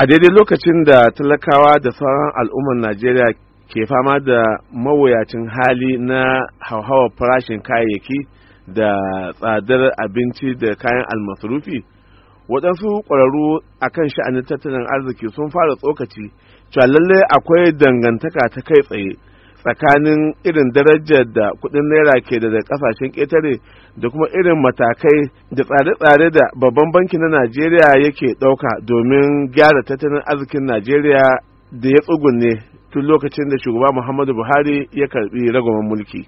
a daidai lokacin da talakawa da sauran al'ummar najeriya ke fama da mawuyacin hali na hauhawar farashin kayayyaki da tsadar abinci da kayan almasarufi waɗansu ƙwararru a kan sha'anin tattalin arziki sun fara tsokaci cewa lallai akwai dangantaka ta kai tsaye tsakanin irin darajar da kudin naira ke da da kasashen ƙetare da kuma irin matakai da tsare-tsare da babban banki na najeriya yake ɗauka domin gyara tattalin arzikin najeriya da ya tsugunne tun lokacin da shugaba muhammadu buhari ya karbi ragoman mulki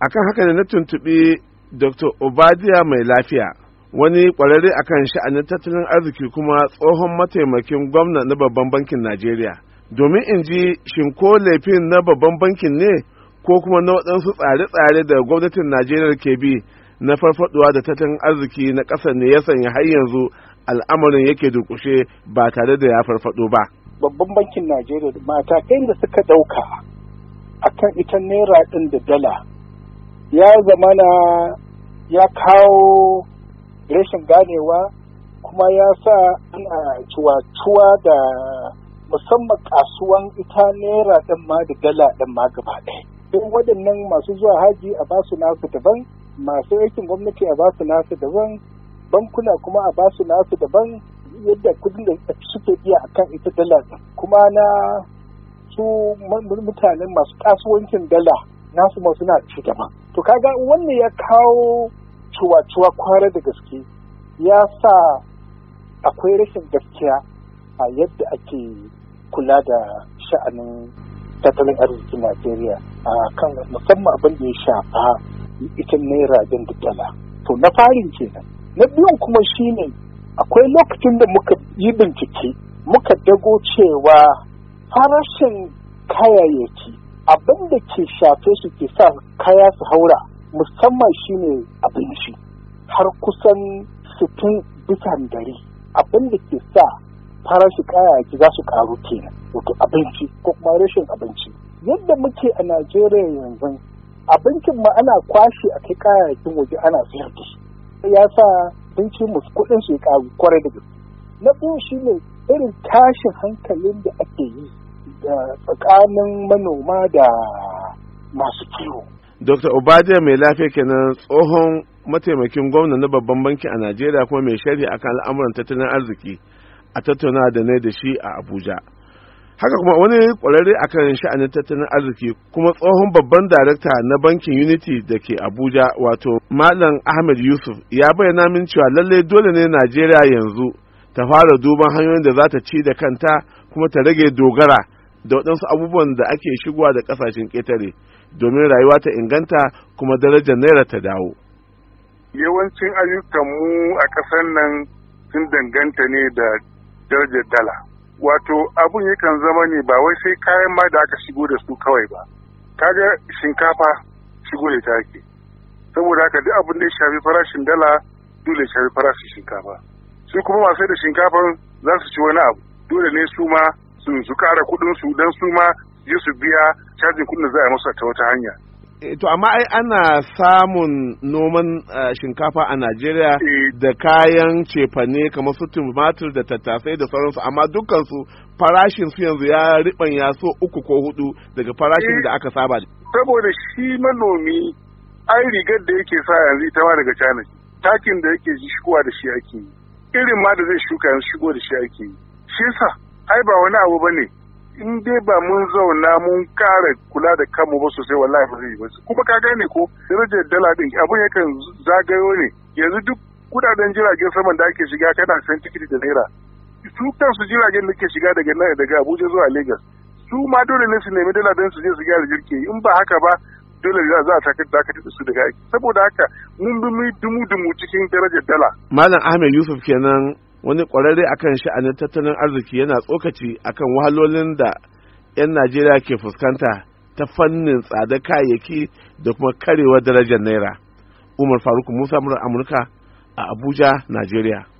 akan haka ne na tuntuɓi dr obadiya mai lafiya wani kwararre akan sha'anin tattalin arziki kuma tsohon mataimakin gwamna na babban bankin najeriya domin in ji shin ko laifin na babban bankin ne ko kuma na waɗansu tsare-tsare da gwamnatin najeriya ke bi na farfaduwa da tattalin arziki na ƙasar ne ya sanya har yanzu al'amarin yake durƙushe ba tare da ya farfado ba babban bankin najeriya matakai da suka ɗauka akan ita naira ɗin da dala ya zamana ya kawo rashin ganewa kuma ya sa ana cuwa-cuwa da musamman kasuwan ita naira ɗin ma da dala ɗin ma gaba ɗaya don waɗannan masu zuwa haji a basu nasu daban masu aikin gwamnati a basu nasu daban bankuna kuma a basu nasu daban yadda kudin da suke iya a kan ita dala kuma na su mutanen masu kasuwancin dala nasu masu na ci daban to kaga wannan ya kawo cuwa-cuwa kwara da gaske ya sa akwai rashin gaskiya a yadda ake kula da sha'anin tattalin arzikin Najeriya a kan musamman abin da ya shafa ita naira din da dala. To na farin kenan. Na biyun kuma shine akwai lokacin da muka yi bincike muka dago cewa farashin kayayyaki abin da ke shafe su ke sa kaya su haura musamman shine abinci har kusan sittin bisan dari abin da ke sa Farashi kayayyaki za su karu kenan wato abinci ko kuma rashin abinci yadda muke a najeriya yanzu abincin ma ana kwashe a kai kayayyakin waje ana sayar da shi ya sa abinci musu kuɗin su ya karu kwarai da gaske na biyu shine irin tashin hankalin da ake yi da tsakanin manoma da masu kiwo Dr. Obadiah mai lafiya kenan tsohon mataimakin gwamna na babban banki a Najeriya kuma mai shari'a akan al'amuran tattalin arziki. a tattauna da ne da shi a abuja haka kuma wani kwararre akan sha'anin tattalin arziki kuma tsohon babban darakta na bankin unity da ke abuja wato malam ahmed yusuf ya bayyana min cewa lallai dole ne najeriya yanzu ta fara duban hanyoyin da za ta ci da kanta kuma ta rage dogara da waɗansu abubuwan da ake shigowa da ƙasashen ƙetare domin rayuwa ta inganta kuma darajar naira ta dawo yawancin ayyukanmu a ƙasar nan sun danganta ne da darajar dala wato abun yakan zama ne ba wai sai kayan ma da aka shigo da su kawai ba kaga shinkafa shigo da take saboda haka duk abin da ya shafi farashin dala dole ya shafi farashin shinkafa su kuma masu da shinkafan za su ci wani abu dole ne su ma su kara kuɗin su don su ma je su biya cajin kuɗin da za a yi masa ta wata hanya Eh, to amma ai ana samun noman eh, shinkafa a Najeriya eh. da kayan cefane kamar su tumatur da tattasai da sauransu amma dukkan su farashin su yanzu ya riban ya so uku ko hudu daga farashin da aka saba saboda shi manomi ai rigar da yake sa yanzu ita ma daga China takin da yake ji shigowa da shi ake irin ma da zai shuka yanzu shigo da shi ake shi yasa ai ba wani abu bane in dai ba mun zauna mun kara kula da kanmu ba sosai wallahi ba zai yi ba kuma ka gane ko darajar dala din abin yakan zagayo ne yanzu duk kudaden jiragen saman da ake shiga kana san tikiti da naira su kansu jiragen da ke shiga daga daga Abuja zuwa Lagos su ma dole ne su nemi dala don su je su gyara jirki in ba haka ba dole za a sake dakatar da su daga aiki saboda haka mun bi mu dumu dumu cikin darajar dala malam Ahmed Yusuf kenan wani ƙwararre akan sha'anin tattalin arziki yana tsokaci akan wahalolin da 'yan najeriya ke fuskanta ta fannin tsada kayayyaki da kuma karewa darajar naira umar faruk musa murar amurka a abuja najeriya